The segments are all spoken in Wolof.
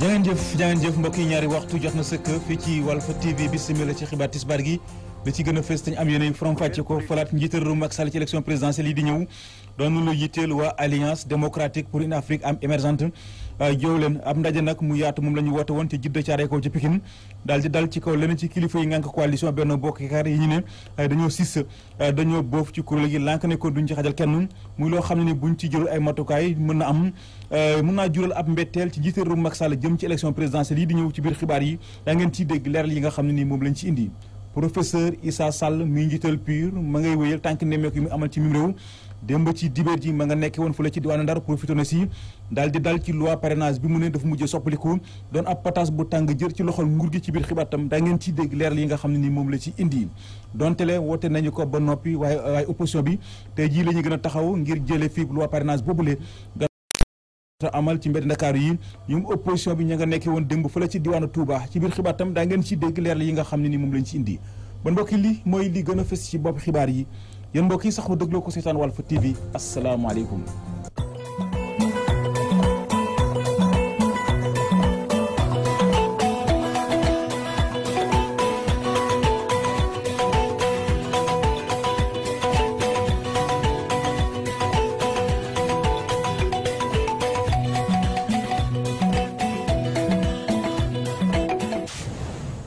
jaa jëf jaa jëf mbokki ñaari waxtu jot na sëkk fii ci fa TV bi simila ci xibaar tisbaar gi da ci gën a fës am yéenay faram-fàcce ko falaat njiital réew Macky Sall ci élection présidentielle yi di ñëw doon lu yitteel waa alliance démocratique am ndaje nag mu yaatu moom la ñu woote woon ci Jidda Caare kaw ci Pikine daal di dal ci kaw leneen ci kilifa yi ngànk coalition Benno Bokk Yaakaar yi ñu ne dañoo sis dañoo boof ci kuréel gi ne ko duñ ci xajal kenn muy loo xam ne ni buñ ci jëlul ay matukaay mën na am mën naa jural ab mbetteel ci jiital réew Macky Sall jëm ci élection présidentielle yi di ñëw ci biir xibaar yi daa ngeen ciy dégg leeral yi nga xam ne ni moom lañ ci indi professeur Issa Sall mi njiital PUR ma ngay wéyal tànk nemmeeku yi mu amal ci mim réew démb ci dibéer ji ma nga nekke woon fële ci diwaanu Ndar profité na si daal di dal ci loi parrainage bi mu ne dafa mujjee soppaliku doon ab pataas bu tàng jër ci loxol nguur gi ci biir xibaar tam da ngeen ciy dégg leeral yi nga xam ne ni moom la ci indi donte le woote nañu ko ba noppi waaye waaye opposition bi te jii la ñu gën a taxaw ngir jële fii loi parrainage boobule amal ci mbedd Ndakaaru yi ñoom opposition bi ña nga nekkee woon démb fële ci diwaanu Touba ci biir xibaar tam daa ngeen ci dégg leer yi nga xam ne ni moom lañ ci indi bon mbokki li mooy li gën a fës ci bopp xibaar yi yéen mbokk yi sax mu dégloo ko seetaan Walf TV asalaamaaleykum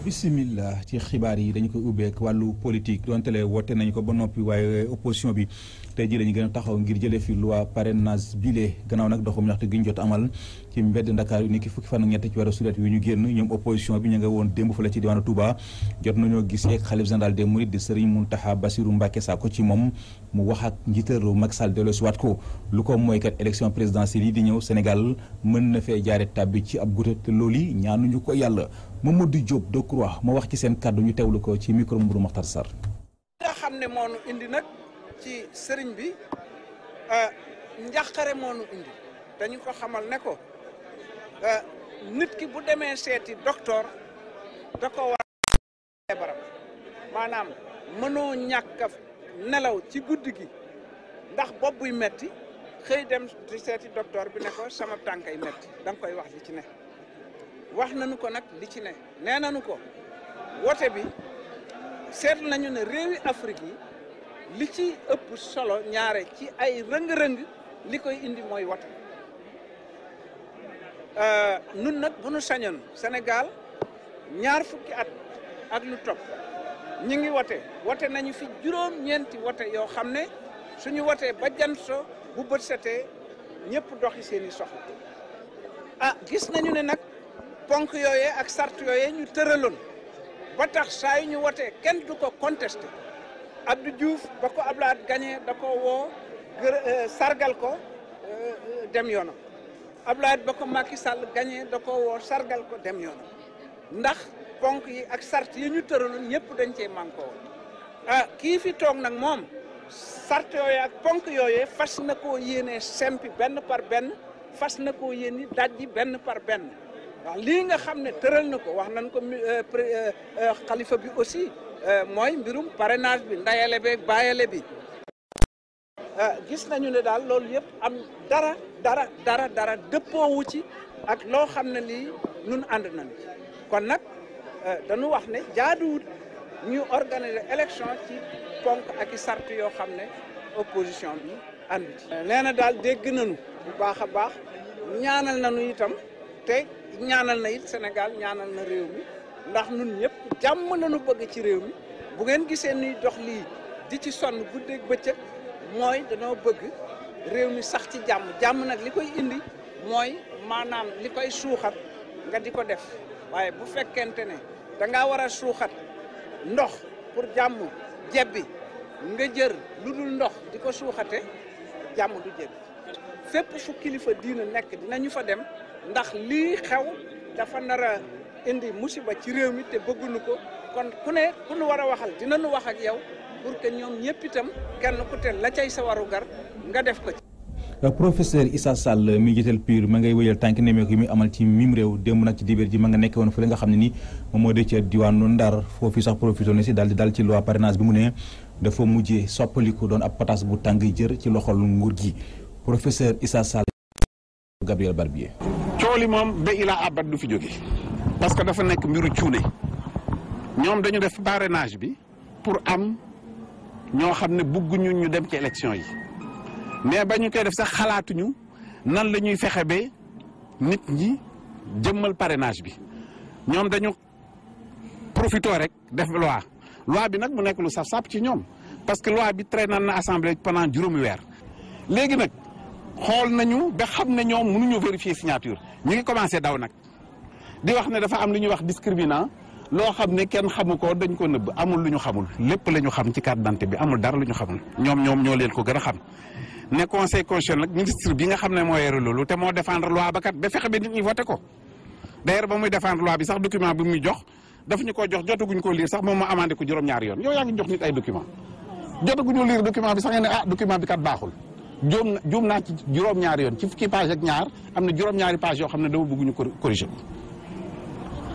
bisimillah ci xibaar yi dañu koy ubbeek wàllu politique donte le woote nañu ko ba noppi waaye opposition bi tey jii lañu gën a taxaw ngir jëlee fi loi parrainage bile gannaaw nag doxum ñaxte gi ñu jot amal ci mbedd Ndakaar yu ni ki fukki fa ak ñett ci weeru sulet yu ñu génn ñoom opposition bi ñu nga woon démb fële ci diwaanu Touba jot nañoo gis yeeg xalif général des Mourides di Serigne Mountakha Bassirou Mbacké Sakho ci moom mu wax ak njiitaru Macky Sall delloosiwaat ko lu ko mooy kat élection présidentielle yi di ñëw Sénégal mën na fee jaare tàbbi ci ab guddi te loolu yi ñaanuñu ko yàlla Mamadou Diop Decroix ma wax ci seen kàddu ñu teewlu ko ci micro Mbourou Makhtar Sarr. nga xam ne moo indi nag ci sëriñ bi euh, njàqare moo nu indi dañu ko xamal ne ko euh, nit ki bu demee seeti doktor da ko war maanaam mënoo ñàkk a nelaw ci guddi gi ndax bopp buy metti xëy dem di seeti docteur bi ne ko sama tànkay metti da koy wax li ci ne wax nañu ko nag li ci ne nee nañu ko woote bi seetlu nañu ne réewi Afrique yi li ci ëpp solo ñaare ci ay rëng-rëng li koy indi mooy woote euh, nun nag bu nu sañoon Sénégal ñaar fukki at ak lu topp ñi ngi wote wote nañu fi juróom-ñeenti wote yoo xam ne suñu wotee ba jant so bu bët setee ñëpp doxi seeni soxla ah gis nañu ne nag ponk yooyee ak sart yooyee ñu tëraloon ba tax saa yi ñu wotee kenn du ko contesté Abdou juuf ba ko Ablaat gagné da ko woo gër euh, sargal ko euh, dem yoonam Ablaat ba ko Macky Sall gagné da ko woo sargal ko dem yoonam ndax ponk yi ak sart yi ñu tëraloon ñëpp dañ cee mànkoo woon ah, kii fi toog nag moom sart yooyee ak ponk yooyee fas na koo yéene sempi benn par benn fas na ko yéeni dajji benn par benn waaw lii nga xam ne tëral na ko wax nañ ko euh, euh, euh, xalifa bi aussi mooy mbirum parrainage bi ndayale bi bàyyale bi gis nañu ne daal loolu yëpp am dara dara dara dëppoowu ci ak loo xam ne lii nun ànd nañu kon nag dañu wax ne jaaduwut ñu organiser élection ci ponk ak i sart yoo xam ne opposition bi ànd ci na daal dégg nañu bu baax a baax ñaanal nañu itam te ñaanal na it senegal ñaanal na réew mi ndax nun ñëpp jàmm nañu bëgg ci réew mi bu ngeen gisee nuy dox lii di ci sonn guddeeg bëccëg mooy danoo bëgg réew mi sax ci jàmm jàmm nag li koy indi mooy maanaam li koy suuxat nga di ko def waaye bu fekkente ne da ngaa war a suuxat ndox pour jàmm jebbi nga jër lu dul ndox di ko suuxate jàmm du jebbi fépp fu kilifa diina nekk dina ñu fa dem ndax lii xew dafa nar a indi musiba ci réew mi te bëgguñu ko kon ku ne ku nu war a waxal wax ak yow pour que ñoom ñëpp itam kenn ku te la cay sa waru nga def ko ci. professeur Issa Sall mi njiital PUR ma ngay wéyal tànk nemmeeku yi muy amal ci mim réew démb nag ci dibéer ji ma nga nekk woon li nga xam ne ni moom moo dee ca diwaanu Ndar foofu sax profité na si daal di daal ci loi parrainage bi mu ne dafa mujjee soppaliku doon ab pataas bu tàng jër ci loxol nguur gi professeur Issa Sall Gabriel Barbier coow li moom ba ilaa abat du fi jóge parce que dafa nekk mbiru cuune ñoom dañu def parrainage bi pour am ñoo xam ne bugguñu ñu dem ci élection yi mais ba ñu koy def sax xalaatuñu nan la ñuy fexe ba nit ñi jëmmal parenage bi ñoom dañu profité rek def loi loi bi nag mu nekk lu saf-sàpp ci ñoom parce que loi bi traîné na assemblée pendant juróomi weer léegi nag xool nañu ba xam ne ñoom mu ñu vérifier signature ñu ngi commencé daw nag di wax ne dafa am lu ñuy wax discriminant loo xam ne kenn xamu ko dañ ko nëbb amul lu ñu xamul lépp la ñu xam ci carte d'identité bi amul dara lu ñu xamul ñoom ñoom ñoo leen ko gën a xam ne conseil constitutionnel nag ministre bi nga xam ne moo yore loolu te moo défendre loi ba kat ba fexe ba nit ñi voté ko d'ailleurs ba muy défendre loi bi sax document bi muy jox daf ñu ko jox jotaguñ ko lire sax moo amandé ko juróom-ñaari yoon yow yaa ngi jox nit ay document jotaguñu lire ah, bi kat baaxul juum juum naa ci juróom-ñaari yoon ci fukki page ak ñaar am na juróom-ñaari page yoo xam ne dama bëgg ñu corriger ko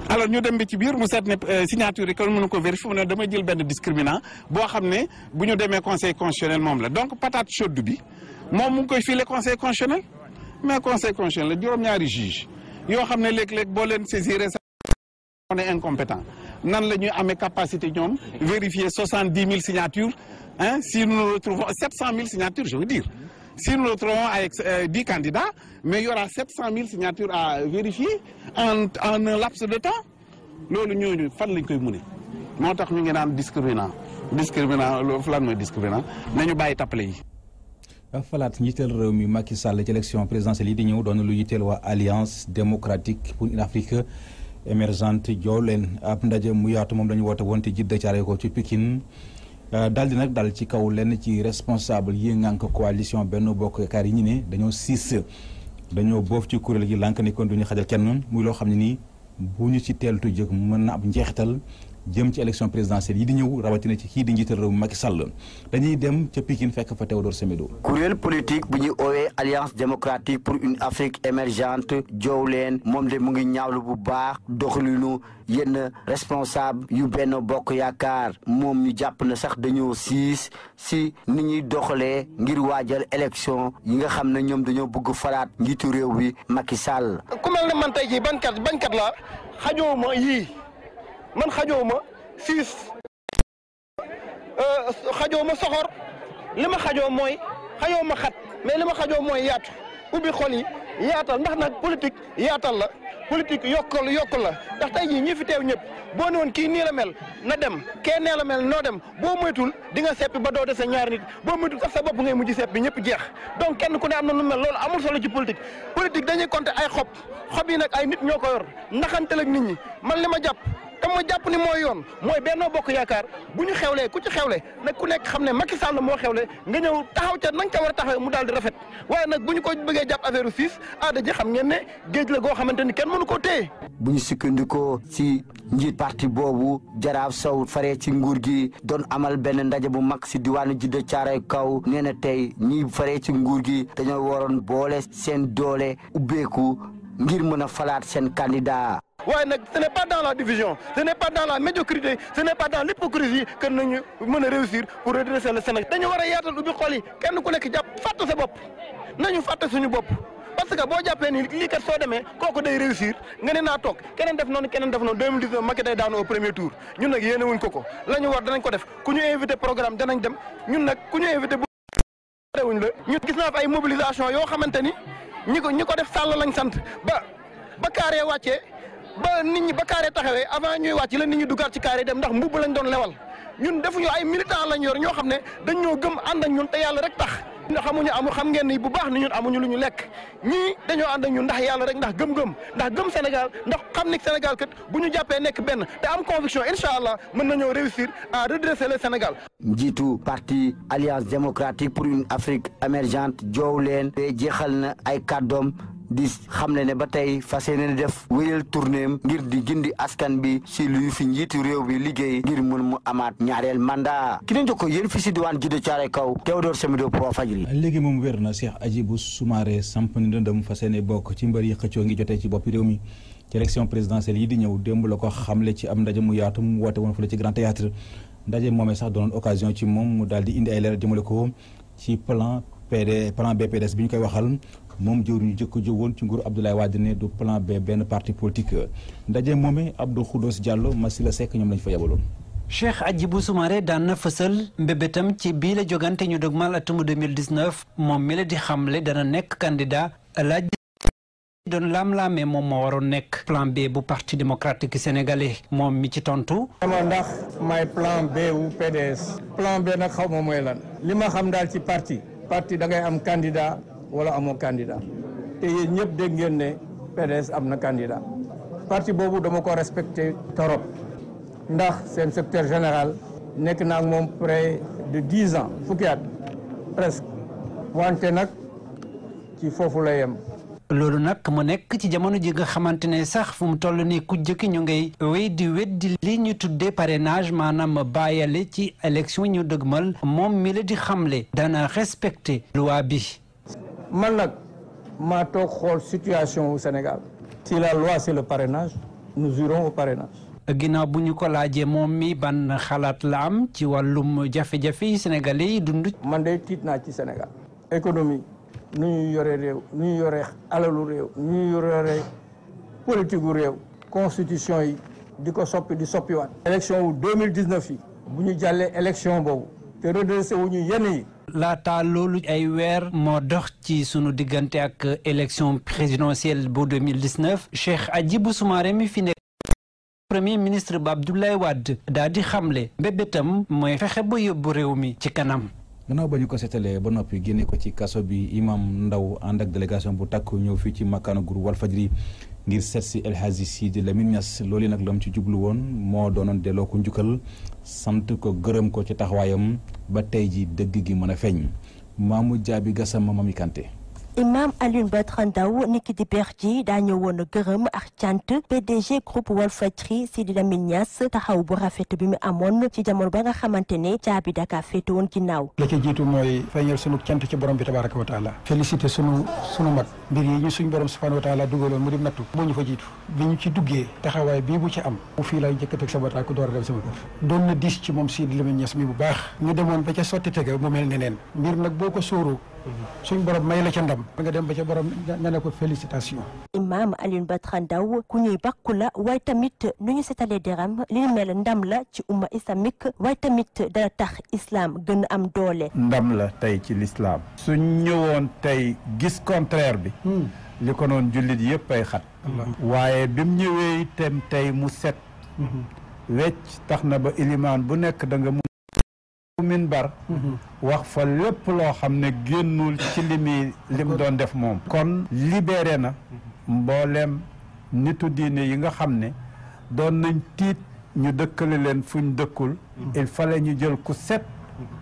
alors ñu dem ba ci biir mu seet ne euh, signature yi kon mënu ko vérifier mu ne damay jël benn discriminant boo xam ne bu ñu demee conseil constitutionnel moom la donc patate chaude bi moom mu ngi koy file conseil constitutionnel mais conseil constitutionnel la juróom-ñaari juge yoo xam ne léeg-léeg boo leen saisir on est incompétent nan la ñuy amee capacité ñoom vérifier soixante-dix mille signatures hein si nous mille signatures je veux Si nous le trouvons avec euh, 10 candidats, mais il y aura 700 000 signatures à vérifier en, en un laps de temps. loolu ñooñu fan lañ koy mune moo tax ñu ngi naan discriminant discriminant loolu lan mooy discriminant nañu bàyyi tappale yi. falaat njiital réew mi Macky Sall ci élection présidentielle yi di ñëw doon lu yitteel waa alliance démocratique pour une Afrique émergente joo leen ab ndaje mu yaatu moom dañu woote woon te jidda caare ko ci Pikine. Euh, daal di nag dal ci kaw lenn ci responsable yi ngànk coalition Benno Bokk Yaakaar yi ñu ne dañoo siis dañoo boof ci kuréel gi lank ni kon duñu xajal kenn muy loo xam ne nii bu ñu ci teeltu jëkk mën na ab njeexital jëm ci élection présidentielle yi di ñëw rawatina ci kii di njiital réew mi dañuy dem ca Pikine fekk fa Théodore Semedo. kuréel politique bu ñuy oowee alliance démocratique pour une Afrique émergente joow leen moom de mu ngi ñaawlu bu baax doxalinu yenn responsable yu benn bokk yaakaar moom ñu jàpp na sax dañoo siis si ni ñuy doxalee ngir waajal élection yi nga xam ne ñoom dañoo bugg faraat njiitu réew bi Macky Sall. ku mel ne man tey jii bankat bankat man xajoo ma siis euh, xajoo ma soxor li ma xajoo mooy xajoo ma xat mais li ma xajoo mooy yaatu ubbi xol yi yaatal ndax nag politique yaatal la politique yokkal yokkal la ndax tey jii ñi fi teew ñëpp boo ne woon kii nii la mel na dem kee nee la mel noo dem boo moytul di nga seppi ba doo dese ñaari nit boo moytul sax sa bopp ngay mujj seppi ñëpp jeex donc kenn ku ne am na lu mel loolu amul solo ci politique politique dañuy compter ay xob xob yi nag ay nit ñoo ko yor naxante la nit ñi man li ma jàpp te ma jàpp ni mooy yoon mooy benn Bokk Yaakaar bu ñu xewlee ku ci xewle nag ku nekk xam ne Macky Sall moo xewle nga ñëw taxaw ca na nga ca mu daal di rafet waaye nag bu ñu ko bëggee jàpp affaire siis aada ji xam ngeen ne géej goo xamante ni kenn mënu koo téye. bu ñu sukkandikoo ci njiit parti boobu jaraaf sow faree ci nguur gi doon amal benn ndaje bu mag si diwaanu jidda caaray kaw nee na tey ñii faree ci nguur gi dañoo waroon boole seen doole ubbeeku ngir mën a falaat seen candidat. waaye nag ce n'est pas dans la division ce n'est pas dans la médiocrité ce n'est pas dans l'hypocrisie que war a yaatal ubbi xol yi kenn ku nekk jàpp fàtte sa bopp nañu fàtte suñu bopp parce que boo jàppee ni lii kat soo demee kooku day réussir nga ne naa toog keneen def noonu keneen def noonu 2019 Macky day daanu au premier tour ñun nag yéene ko ko la ñu war danañ ko def ku ñu invité programme danañ dem ñun nag ku ñu invité bu wuñ la gis naa fi ay mobilisation yoo xamante ni ñi ko ñi ko def sàll lañ sant ba ba carré wàccee ba nit ñi ba carré taxawee avant ñuy wàcc la nit ñi duggaat ci carré dem ndax mbubb lañ doon lewal ñun defuñu ay militant lañ yor ñoo xam ne dañ ñoo gëm ànd ak ñun te yàlla rek tax. ndax xamuñu amu xam ngeen ni bu baax ni amuñu lu ñu lekk ñii dañoo ànd ak ndax yàlla rek ndax gëm-gëm ndax gëm Sénégal ndax xam ni Sénégal kat bu ñu jàppee nekk benn te am conviction incha allah mën nañoo réussir à redresser le Sénégal. njiitu parti alliance démocratique pour une Afrique émergente joow leen. jeexal na ay kàddoom di xam ne ne ba tey fas yéene def wéyal tournéem ngir di gindi askan bi si luy fi njiitu réew bi liggéey ngir mun mu amaat ñaareel mandat ki na ko yéen fi si diwaan jidda caare kaw Théodore Semido pour Walfadjri léegi moom wér na Cheikh Hadjibou Soumaré samp ni dëndam fas yéene bokk ci mbër yi xëccoo ngi jotee ci boppi réew mi ci élection présidentielle yi di ñëw démb la ko xamle ci am ndaje mu yaatu mu woote woon fële ci Grand Théâtre ndaje moomee sax doonoon occasion ci moom mu daal di indi ay leer jëmale ko ci plan PD plan BPDS bi ñu koy waxal moom jëwriñu jëkk jógoon ci nguuru Abdoulaye Wade ne du plan B benn parti politique ndaje moomee Abdou Khoudoss Diallo Massila Seck ñoom lañ fa yabaloon. Cheikh Hadjibou Soumaré daan fësal mbébétam ci bii la jogante ñu dogmal atum moom mi la di xamle dana nekk candidat laaj doon laam moom moo waroon nekk plan B bu parti démocratique sénégalais moom mi ci tontu. xamoon ndax may plan B wu PDS. plan xaw ma mooy la li ma xam daal ci parti. parti da ngay am candidat. wala amoo candidat te yéen ñëpp dégg ngeen ne PDS am na candidat parti boobu dama ko respecté torop ndax seen secteur général nekk naa moom près de ans fukki at presque wante nag ci foofu la yem. loolu nag mu nekk ci jamono ji nga xamante ne sax fu mu toll nii ku jëkki ñu ngay wéy di weddi li ñu tuddee parrainage maanaam bàyyale ci élection ñu dëgmal moom mi la di xamle dana respecté loi bi. man nag maa toog xool situation wu Sénégal ci la loi c'est le parrainage nous irons au parrainage ginnaaw bu ñu ko laajee moom mi ban xalaat la am ci wàllum jafe-jafe yi sénégalais yi dund. man de tiit naa ci Sénégal. économie nu ñu yore réew nu ñu yore alalu réew nu ñu yore politique réew. constitution yi di ko soppi di soppiwaat. élection wu 2019 yi bu ñu jàllee élection boobu te redressé wu ñu yenn yi. laata loolu ay weer moo dox ci sunu diggante ak élection présidentielle bu 2019 Cheikh Hadjibou Soumaré mi fi nekk premier ministre ba Abdoulaye Wade daal di xamle mbébétam mooy fexe ba yóbbu réew mi ci kanam. gannaaw ba ñu ko seetalee ba noppi génne ko ci kaso bi imam Ndaw ànd ak délégation bu takk ñëw fii ci makkaanu groupe Walfadjri ngir seet si El Hadji Sidi Lamine Niass loolu nag lam ci jublu woon moo doonoon delloo ko njukkal sant ko gërëm ko ci taxawaayam ba tey ji dëgg gi mën a feeñ Mamou Diaby Gassama Mami Kanté imam Alioune Badara Ndao niki di ber daa ñëwoon gërëm ak cant PDG groupe Walfadjri Sidi Lamine Niass taxaw bu rafet bi mu amoon ci jamono ba nga xamante ne caabi daka féete woon la ca jiitu mooy feeñal sunu cant ci borom bi tabaraka wa taala félicité sunu sunu mag mbir yi ñu suñ borom subhanahu wa taala mu di nattu boo ñu fa jiitu bi ñu ci duggee taxawaay bii bu ci am bu fii lay njëkk a teg a dem sama kër doon na diis ci moom Sidi Lamine Niass mi bu baax ñu demoon ba ca sotti tega mu mel neneen mbir nag ba dem ba ca borom nga ne ko félicitation. imaam Alioune Batra Ndao ku ñuy bàkku la waaye tamit nu ñu seetalee deram li ñu mel ndam la ci umma islamique waaye tamit dana tax islam gën a am doole. ndam la tey ci l'islam. su ñëwoon tey gis contraire bi. Hmm. li ko noon jullit yëpp ay xat. waaye bim ñëwee itam tey mu set. Hmm. wecc tax ba ilimaan bu nekk da mu minbar mhm. wax fa lépp loo xam ne génnul ci li muy lim doon def moom kon libéré na mbooleem nitu diine yi nga xam ne doon nañ tiit ñu dëkkale leen fuñ dëkkul mhm. il fallait ñu jël ku set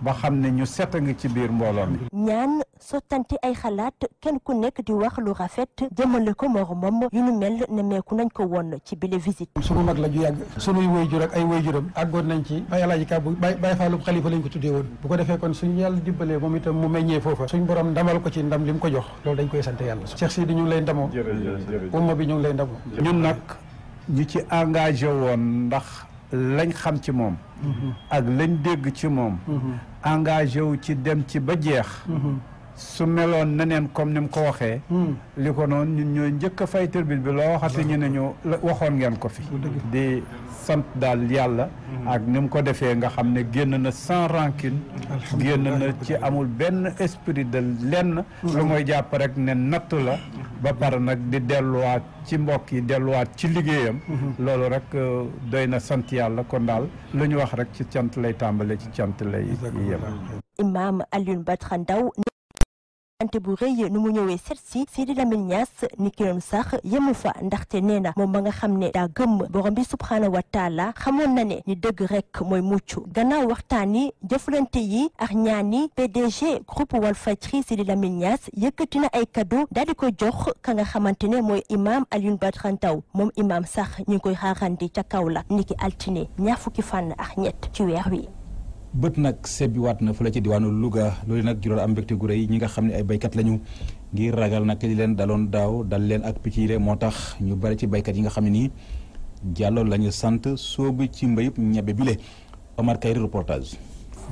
ba xam ne ñu set a ngi ci biir mbooloo mi. ñaan sottante ay xalaat kenn ku nekk di wax lu rafet jëmale ko moromam yu nu mel ne meeku nañ ko woon ci bile visite. sunu mag la ju yàgg sunuy wayjur ak ay wayjuram àggoon nañ ci bay alaaji kàbbu bay bay faalum xalifa lañ ko tuddee woon bu ko defee kon suñu yàlla dimbalee moom itam mu meññee foofa suñ borom ndamal ko ci ndam li mu ko jox loolu dañ koy sant yàlla. Cheikh Sidi ñu ngi lay ndamoo umma bi ñu ngi lay ndamoo ñu xam ci moom ak lañ dégg ci moom mm-hmm. engagé wu ci dem ci ba jeex mm-hmm. su meloon neneen comme ni mu ko waxee. Hmm. li ko noonu ñun ñooy njëkk a fay tribune bi loo waxati ñu ne ñu waxoon ngeen ko fi. di sant daal yàlla. Hmm. ak ni ko defee nga xam ne génn na sans rancune. génn na ci amul benn esprit de lenn. Hmm. lu mooy jàpp rek ne natt la. ba pare nag di delluwaat ci mbokk yi delluwaat ci liggéeyam. loolu rek euh, doy na sant yàlla kon daal lu ñu wax rek ci cant lay tàmbale ci cant lay yem. Imam Alioune Badara Ndao ante bu rëy nu mu ñëwee seet si Sidi Lamine Niass ni ki noonu sax yemu fa ndaxte nee na moom ma nga xam ne daa gëmm borom bi subhaanahu wa taala xamoon na ne ni dëgg rek mooy mucc gannaaw waxtaan yi jëflante yi ak ñaani PDG groupe Walfadjri Sidi Lamine Niass yëkkati na ay kaddu daal di ko jox ka nga xamante ne mooy imaam Alioune Badara taw moom imaam sax ñu koy xaarandi ca kaw Kaolack niki altine ñaar fukki fànn ak ñett ci weex wi bët nag sebbiwaat na fu la ci diwaanu Louga loolu nag jural am mbégte gu rëy ñi nga xam ne ay béykat lañu ngir ragal nag li leen daloon daaw dal leen ak picc moo tax ñu bari ci béykat yi nga xam ne nii jàlloon la ñu sant soobu ci mbayub ñebe bile Omar Kayri reportage.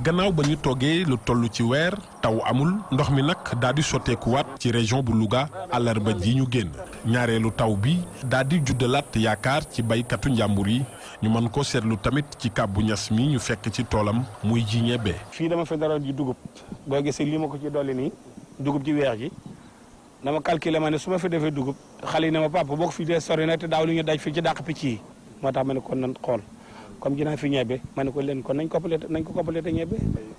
gannaaw ba ñu toogee lu toll ci weer taw amul ndox mi nag daal di sotteekuwaat ci région bu Louga àllarba yi ñu génn ñaareelu taw bi daal di juddalaat yaakaar ci baykatu njàmbur yi ñu mën ko seetlu tamit ci kàbbu ñas mi ñu fekk ci toolam muy ji ñebe. fii dama fi daroon ji dugub boo gisee lii ma ko ci dolli nii dugub ji weex ji dama calculer ma ne su ma fi defee dugub xale yi na ma papa boo ko fi dee sori na te daaw li ñu daj fii ci dàq picc yi moo tax ma ne kon nan xool. comme jinaa fi ñebe ma ne ko leen kon nañ ko complété nañ ko complété ñebe.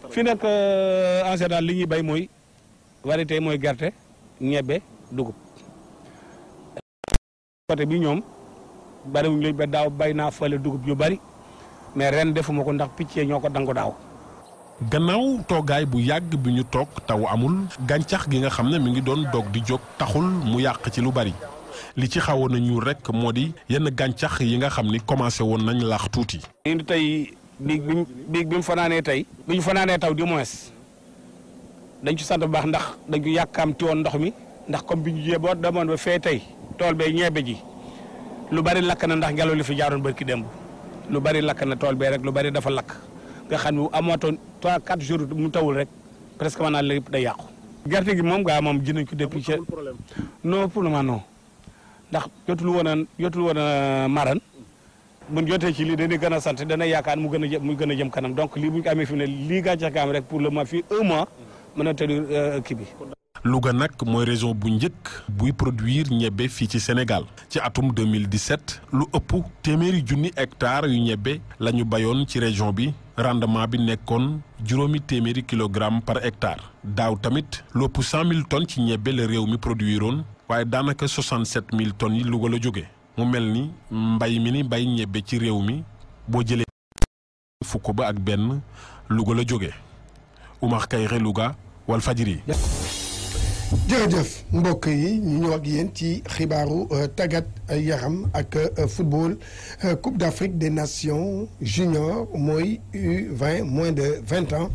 fi nag euh, en général li ñuy bay mooy warite mooy gerte ñebe dugub. côté bi ñoom bariwuñ lañ ba daaw bay naa fole dugub yu bari mais ren defuma ko ndax picc ñoo ko dangu daaw. gannaaw toogaay bu yàgg bi ñu toog taw amul gàncax gi nga xam ne mi ngi doon doog di jóg taxul mu yàq ci lu bari. li ci xawoon a ñuul rek moo di yenn gàncax yi nga xam ni commencé woon nañ laax tuuti. indi tey biig bi biig bi mu fanaanee tey. bi ñu fanaanee taw di moins dañ ci sant bu baax ndax dañu yàkkaamti woon ndox mi ndax comme bi ñu jiyee boo demoon ba fee tey tool bee ñebe ji lu bari lakk na ndax ngelaw li fi jaaroon barki démb lu bari lakk na tool bee rek lu bari dafa lakk nga xam ne amatoon trois quatre jours mu tawul rek presque maanaam lépp day yàqu. gerte gi moom gaa moom ji nañ ko depuis. non ndax jotul woon a jotul woon a maran mun jotee ci lii dañuy gën a sant dana yaakaar mu gën a jëm mu gën a jëm kanam donc lii bu ñu amee fi mu ne lii gàncax ga am rek pour le moment fii un mois mën a tëdd euh, kii bi. Louga nag mooy région bu njëkk buy produire ñebe fii ci Sénégal ci atum 2017 lu ëpp téeméeri junni hectares yu ñebe la ñu bayoon ci région bi rendement bi nekkoon juróomi téeméeri kilogramme par hectare daaw tamit lu ëpp 100 tonnes ci ñebe la réew mi produiroon waaye daanaka 67000 tonnes yi Louga la jóge mu mel ni mbay mi ni bay ñebbe ci réew mi boo jëlee fukk ba ak benn Louga la jóge Oumar Kayre Louga Walfadjri jërëjëf mbokk yi ñu ñëw ak yéen ci xibaaru euh, tàggat yaram ak euh, football euh, Coupe d'Afrique des Nations junior mooy U20 moins de vingt ans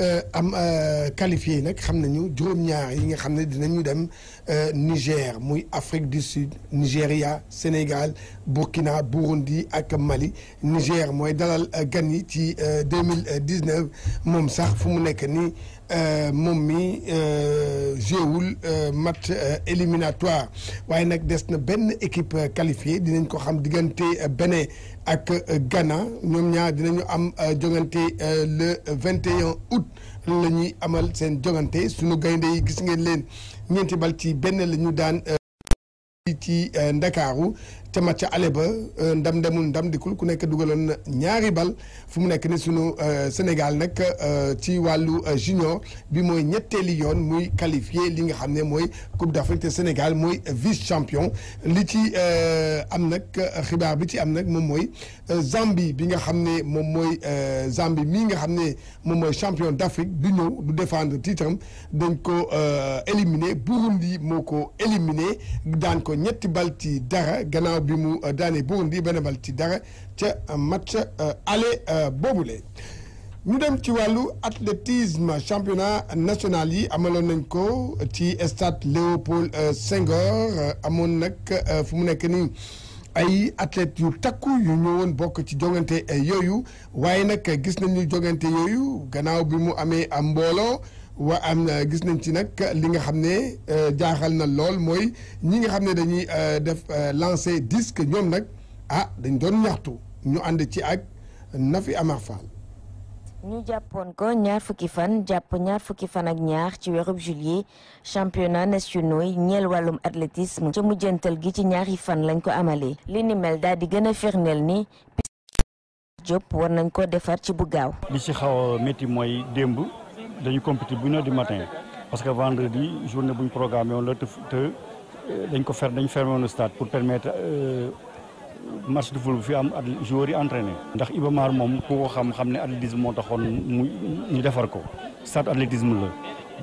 Euh, am euh, qualifié yi nag xam nañu juróom-ñaar yi nga xam ne dinañu dem euh, Niger muy Afrique du Sud Nigéria Sénégal Burkina Burundi ak Mali Niger mooy dalal ganni yi ci deux mille dix-neuf moom sax fu mu nekk nii. Euh, moom mi euh, jéewul euh, match éliminatoire waaye nag des na benn équipe qualifiée dinañ ko xam diggante Bénin ak Ghana ñoom ñaar dinañu am jongante le 21 août la ñuy amal seen jongante sunu gaynde yi gis ngeen leen ñeenti bal ci benn la ñu daan ci Ndakaaru ca match aller ba euh, ndam demul ndam ku nekk dugaloon ñaari bal fu mu nekk ni sunu euh, Sénégal nag euh, ci wàllu junior bi mooy ñetteeli yoon muy qualifié li nga xam ne mooy Coupe d'Afrique te Sénégal mooy vice champion li ci am nag xibaar bi ci am nag moom mooy Zambie bi nga xam ne moom mooy Zambie mii nga xam ne moom mooy champion d'Afrique du ñëw du défendre titre dañ ko éliminé Burundi moo ko éliminé daan ko ñetti bal ci dara gannaaw bi mu euh, daane Burundi benn bal ci dara ca euh, match euh, aller boobule. ñu dem ci wàllu athlétisme championnat national yi amaloon nañ ko ci stade Léopold Senghor amoon nag fu mu nekk nii ay athlètes yu takku yu ñëwoon bokk ci jongante yooyu waaye nag gis nañu jongante yooyu gannaaw bi mu amee mbooloo. waa am euh, gis nañ ci nag li nga xam ne euh, jaaxal na lool mooy ñi nga xam ne dañuy euh, def lancé disk ñoom nag a ah, dañ doon ñaxtu ñu ànd ci ak Nafi Amar Fall ñu jàppoon ko ñaar fukki fan jàpp ñaar fukki fan ak ñaar ci weerub juillet championnat nationaux yi ñeel wàllum athlétisme ca mujjantal gi ci ñaari fan lañ ko amalee li ni mel daal di gën a firndeel ni Diop war nañ ko defar ci bu gaaw li ci xaw a métti mooy démb dañu compétir bu une heure du matin parce que vendredi journée bu ñu programmé woon la te dañ ko fer dañ fermé woon stade pour permettre euh, match de football bu fi am at joueurs yi entraîné. ndax Iba Mar moom ku ko xam xam ne athlétisme moo taxoon mu ñu defar ko stade athlétisme la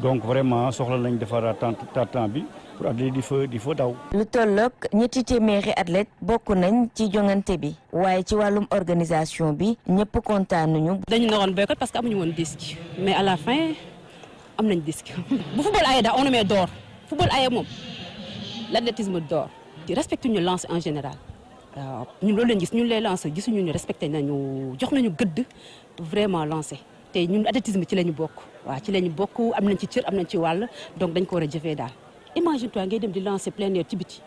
donc vraiment soxla nañ defaraat tant temps bi. pour athlètes di fa di fa daw. lu tolloog ñetti téeméeri athlètes bokk nañ ci jongante bi waaye ci wàllum organisation bi ñëpp kontaanuñu. dañu naroon boycott parce que amuñu woon disque mais à la fin am nañ disque. bu football ayee daa on nommé d'or football ayee moom l'athlétisme d'or di respecté ñu lance en général waaw ñun loolu lañ gis ñun lay lancé gisuñu ñu respecté nañu jox nañu gëdd vraiment lancé. te ñun athlétisme ci la ñu bokk waaw ci la ñu bokk am nañ ci cër am nañ ci wàll donc dañ ko war a jëfee daal imagine a ngay dem di lancer plein air ci biti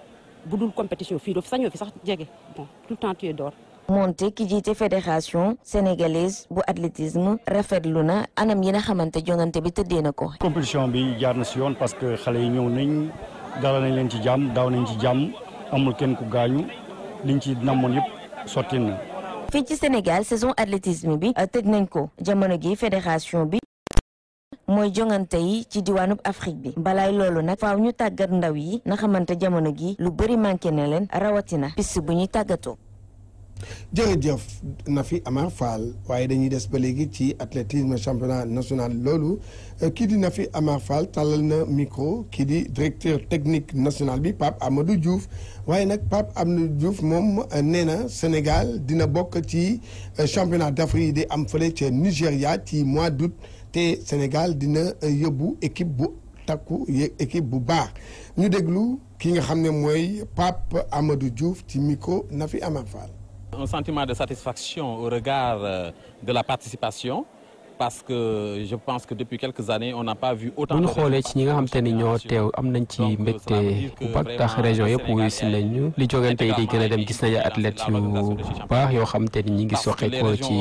bu dul compétition fii doo fi sañoo fi sax jege bon tout tu es dehors. moonte ki jiite fédération sénégalaise bu athlétisme rafetlu na anam yi xamante jongante bi tëddee ko. compétition bi jaar na si yoon parce que xale yi ñëw nañ dalal nañ ci jàmm daaw nañ ci jàmm amul kenn ku gaañu liñ ci namoon yëpp sotti na. fii ci Sénégal saison athlétisme bi tëj nañ ko jamono gi fédération bi. mooy jongante yi ci diwaanub Afrique bi balaay loolu nag faaw ñu tàggat ndaw yi na xamante jamono gi lu bëri manqué na leen rawatina piste bu ñuy tàggatoo. jërëjëf na fi Amar Fall waaye dañuy des ba léegi ci athlétisme championnat national loolu kii di na fi Amar Fall tàllal na micro kii di directeur technique national bi Pape Amadou juuf waaye nag Pape Amadou juuf moom euh, nee na Sénégal dina bokk ci euh, championnat d'Afrique yi di am fële ca Nigéria ci mois d'août te Sénégal dina euh, yóbbu équipe bu takku équipe bu baax ñu déglu ki nga xam ne mooy Pape Amadou Diouf ci micro Nafi Amar Fall. un sentiment de satisfaction au regard euh, de la participation. parce que je pense que depuis quelques années on xoolee ci ñi nga xam te ni ñoo teew am nañ ci mbégte bu baax tax région yëpp wuyu si nañu li jogante yi di gën dem gis nañu athlètes yu baax yoo xam te ni ñi ngi soqeekoo ci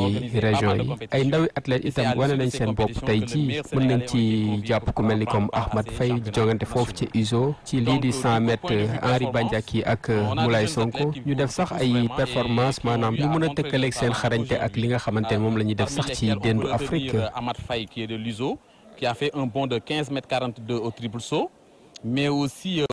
région yi ay ndawi athlètes itam wane nañ seen bopp tey ji mën nañ ci jàpp ku mel ni comme Ahmad Faye di jogante foofu ci ISO ci lii di 100 mètres Henri Bandiaki ak euh, Moulay Sonko ñu def sax ay performance maanaam ñu mën a tëkkaleeg seen xarañte ak li nga xamante ne moom la ñuy def sax ci dendu sur okay. qui est de l'USO, qui a fait un bond de quinze mètres 42 au triple saut. Mais aussi, euh,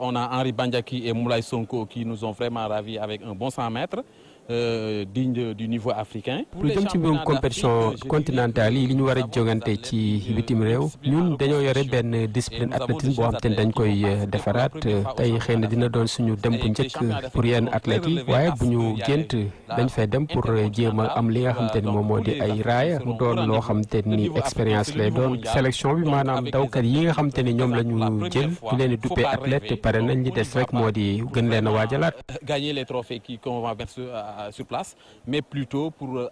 on a Henri Bandiaki et Moulay Sonko qui nous ont vraiment avec un bon 100 mètres. Euh, digne du niveau africain. lu jëm ci mbirum compétition continentale yi li ñu war a jogante ci euh, bitim réew ñun dañoo yore benn discipline athlétisme boo xam te ne dañ koy euh, defaraat tey xëy na dina doon suñu dem bu njëkk pour yenn athlètes yi waaye bu ñu gént dañ fee dem pour jéem a am li nga xam te ni moom moo di ay raaya mu doon loo xam te ni expérience lay doon sélection bi maanaam dawkat yi nga xam te ni ñoom la ñu jël ñu leen di duppee athlète pare nañ li des rek moo di gën leen a waajalaat. gagner Euh, sur place, mais plutôt pour euh,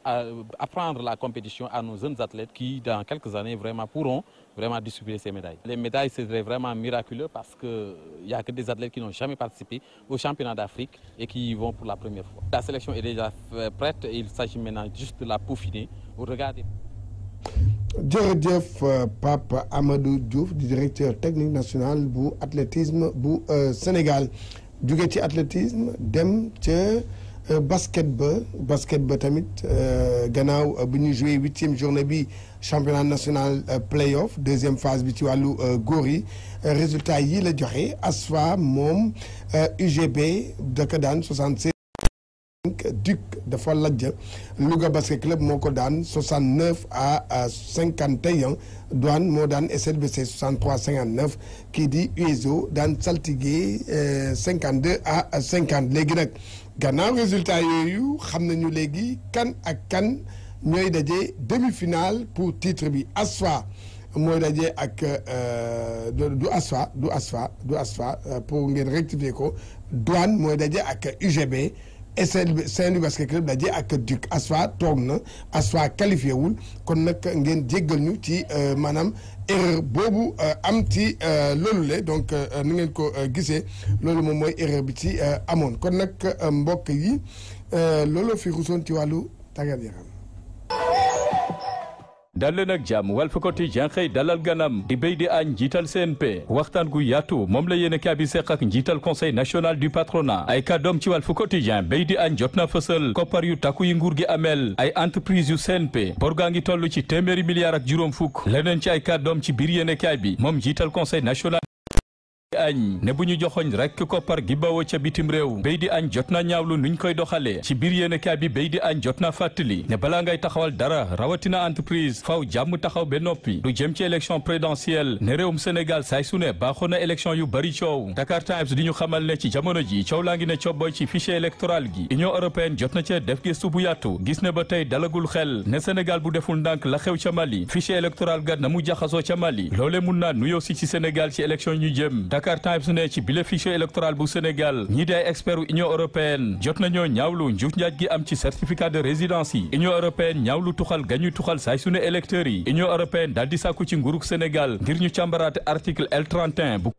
apprendre la compétition à nos jeunes athlètes qui, dans quelques années, vraiment pourront vraiment distribuer ces médailles. Les médailles, c'est vraiment miraculeux parce qu'il n'y euh, a que des athlètes qui n'ont jamais participé au championnat d'Afrique et qui y vont pour la première fois. La sélection est déjà prête et il s'agit maintenant juste de la peaufiner au regard des... jërëjëf Pape Amadou Diouf di directeur technique national bu athlétisme bu Sénégal jóge ci athlétisme dem ca Euh, basket ba basket ba tamit euh, gannaaw euh, bu ñu joué huitième journée bi championnat national playoff deuxième phase bi ci wàllu góor yi résultat yi la joxe ASFA moom UGB daka daan 76 duc dafa lajja Louga basket club moo ko daan 69 à 51 douane moo daan SLBC 63 59 kii di USO daan saltigué 52 à 50 léegi nag gannaaw résultat yooyu xam nañu léegi kan ak kan ñooy daje demi-finale pour titre bi ASFA mooy daje ak euh, du ASFA du ASFA du ASFA euh, pour ngeen rectifier ko douane mooy daje ak UGB SN Saint-Louis Basket Club daje ak Duc ASFA toog na ASFA qualifié wul kon nag ngeen jéggal ñu ci euh, maanaam erreur boobu euh, am ci euh, loolu le donc nu ngeen ko gisee loolu moom mooy erreur bi ci amoon kon nag mbokk yi looloo fi rusoon ci wàllu tàggat yaram dalleen ak jàmm Walf Quotidien xëy dalal ganam di béy di añ njiital CNP waxtaan guy yaatu moom la yéene kaa bi seq ak njiital conseil national du patronat ay kàddoom ci Walf Quotidien béy di añ jot na fësal koppar yu takku yi nguur gi ameel ay entreprise yu CNP bor gaa ngi toll ci téeméeri milliards ak juróom fukk leneen ci ay kàddoom ci biir yéene kaa bi moom njiital conseil national añ ne bu ñu joxoñ rekk koppar gi bawoo ca bitim réew béy di añ jot na ñaawlu nuñ koy doxalee ci biir yéenekaay bi béy di añ jot na fàttali ne balaa ngay taxawal dara rawatina entreprise faw jàmm taxaw ba noppi lu jëm ci élection présidentielle ne réewum Sénégal saa su ne baaxoon na élection yu bari coow Dakar Times di ñu xamal ne ci jamono ji coow laa ngi ne cobboy ci fichier électoral gi Union européenne jot na cee def gëstu bu yàttu gis ne ba tey dalagul xel ne Sénégal bu deful ndànk la xew ca Mali fichier électoral ga na mu jaxasoo ca Mali loolee mun naa Dakar Times ne ci bile fichier électoral bu Sénégal ñii di ay experts Union européenne jot nañoo ñaawlu njuuj njaaj gi am ci certificat de résidence yi Union européenne ñaawlu tuxal gañu tuxal saay sunu ne yi Union européenne daal di sàkku ci nguurug Sénégal ngir ñu càmbaraate article L31 bu